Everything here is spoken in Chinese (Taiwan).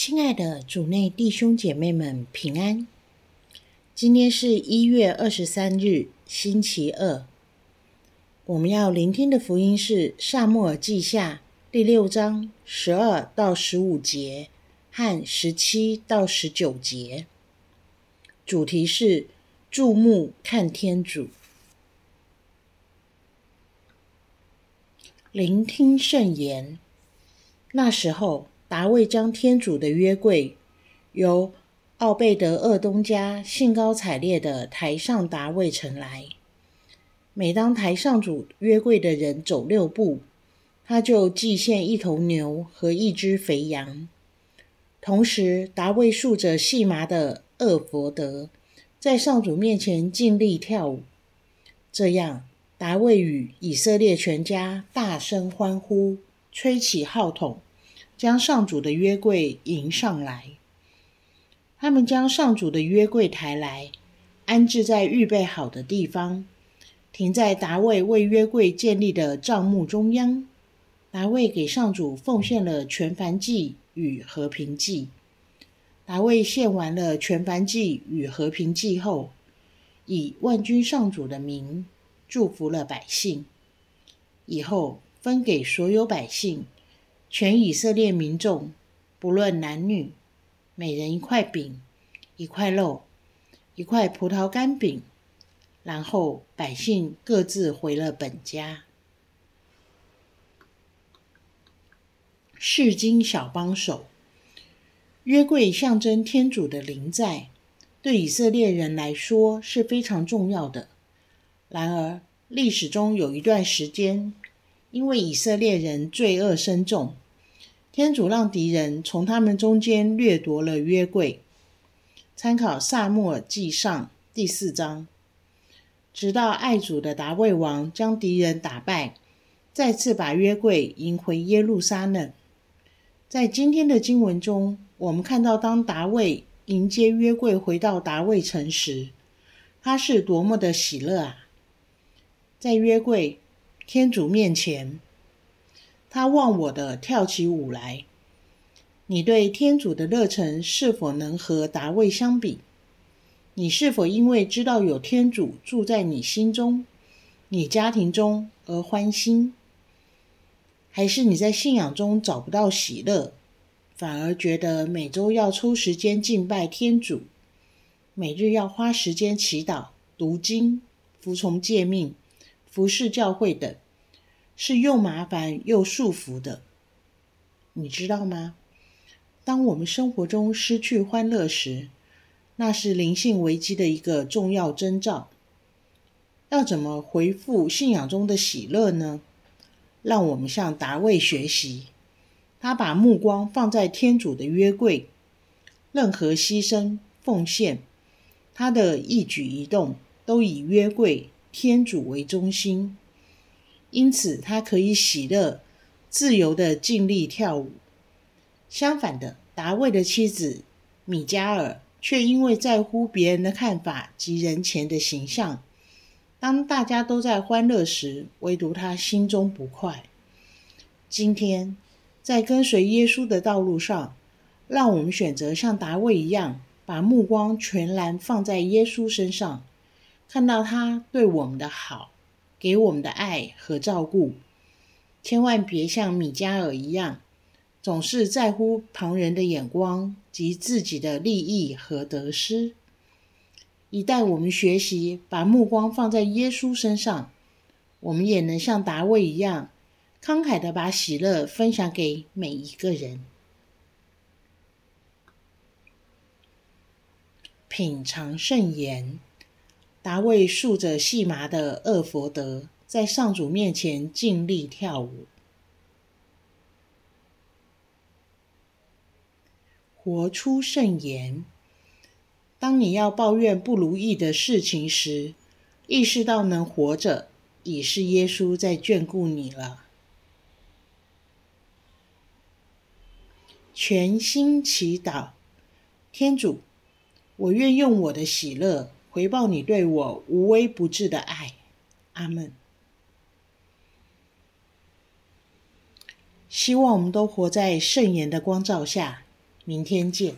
親愛的主內弟兄姐妹們，平安！今天是一月二十三日，星期二。我們要聆聽的福音是《撒慕爾紀下》第六章十二到十五節和十七到十九節。主題是注目看天主，聆聽聖言。那時候。達味將天主的約櫃，由敖貝得厄東家興高采烈的抬上達味城來。每當抬上主約櫃的人走六步，他就祭獻一頭牛和一隻肥羊。同時，達味束着細麻的厄弗得，在上主面前盡力跳舞。這樣，達味與以色列全家大聲歡呼，吹起號筒，將上主的約櫃迎上來。他們將上主的約櫃抬來，安置在預備好的地方，停在達味為約櫃建立的帳幕中央。達味給上主奉獻了全燔祭與和平祭。達味獻完了全燔祭與和平祭後，以萬軍上主的名祝福了百姓，以後分給所有百姓，全以色列民眾，不論男女，每人一塊餅、一塊肉、一塊葡萄乾餅，然後百姓各自回了本家。釋經小幫手，約櫃象徵天主的臨在，對以色列人來說是非常重要的。然而，歷史中有一段時間。因為以色列人罪惡深重，天主讓敵人從他們中間掠奪了約櫃。參考《撒慕爾紀》上第四章，直到愛主的達味王將敵人打敗，再次把約櫃迎回耶路撒冷。在今天的經文中，我們看到，當達味迎接約櫃回到達味城時，他是多麼的喜樂啊！在約櫃，天主面前，他忘我的跳起舞來。你對天主的熱忱是否能和達味相比？你是否因為知道有天主住在你心中、你家庭中而歡心？還是你在信仰中找不到喜樂，反而覺得每周要抽時間敬拜天主，每日要花時間祈禱、讀經、服從誡命？不是服侍教會等，是又麻煩又束縛的，你知道嗎？當我們生活中失去歡樂時，那是靈性危機的一個重要徵兆。要怎麼回復信仰中的喜樂呢？讓我們向達味學習，他把目光放在天主的約櫃，任何犧牲奉獻，他的一舉一動都以約櫃。天主為中心，因此他可以喜樂、自由的盡力跳舞。相反的，達味的妻子米加耳卻因為在乎別人的看法及人前的形象，當大家都在歡樂時，唯獨他心中不快。今天，在跟隨耶穌的道路上，讓我們選擇像達味一樣，把目光全然放在耶穌身上。看到他對我們的好，給我們的愛和照顧，千萬別像米加耳一樣，總是在乎旁人的眼光及自己的利益和得失。一旦我們學習把目光放在耶穌身上，我們也能像達味一樣，慷慨的把喜樂分享給每一個人。品嘗聖言。達味束着細麻的厄弗得，在上主面前盡力跳舞。活出聖言：當你要抱怨不如意的事情時，意識到能活着，已是耶穌在眷顧你了。全心祈禱，天主，我願用我的喜樂。回報你對我無微不至的愛，阿門。希望我們都活在聖言的光照下，明天見。